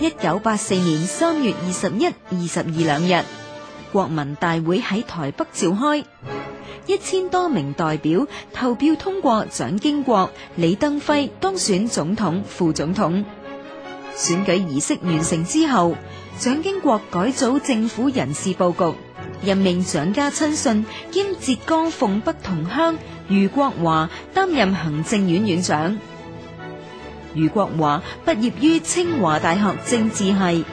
一九八四年三月二十一、二十二兩日，國民大會喺台北召開，一千多名代表投票通過蔣經國、李登輝當選總統、副總統。選舉儀式完成之後，蔣經國改組政府人事布局，任命蔣家親信兼浙江奉北同鄉俞國華擔任行政院院長。余國華畢業於清華大學政治係，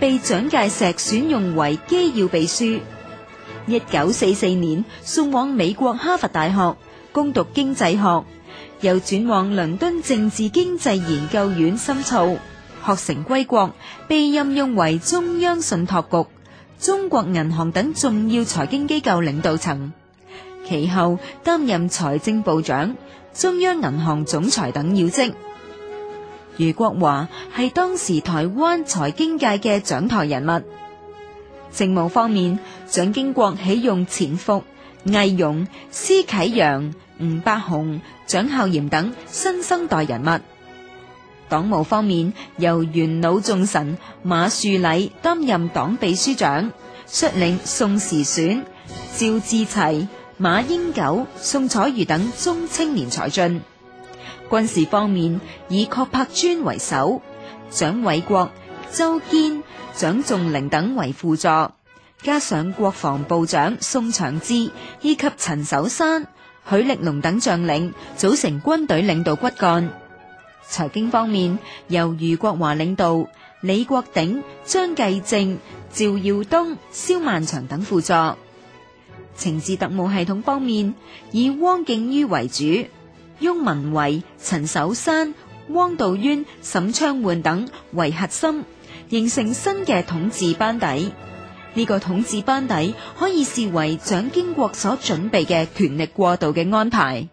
被蔣介石選用為機要秘書。一九四四年送往美國哈佛大學攻讀經濟學，又轉往倫敦政治經濟研究院深造。學成歸國，被任用為中央信託局、中國銀行等重要財經機構領導層。其後擔任財政部長、中央銀行總裁等要職。俞國華係當時台灣財經界嘅掌台人物。政務方面，蔣經國起用錢復、魏鏞、施啟揚、吳伯雄、蔣孝嚴等新生代人物。黨務方面，由元老重臣馬樹禮擔任黨秘書長，率領宋時選、趙志齊、馬英九、宋楚瑜等中青年才俊。軍事方面以郝柏村為首，蔣偉國、周堅、蔣仲苓等為輔助，加上國防部長宋長志，以及陳守山、許力龍等將領組成軍隊領導骨幹。財經方面由俞國華領導，李國鼎、張繼正、趙耀東、蕭萬長等輔助。情治特務系統方面以汪敬于為主。翁文慧、陳守山、汪道淵、沈昌煥等為核心，形成新嘅統治班底。呢、這個統治班底可以視為蔣經國所準備嘅權力過渡嘅安排。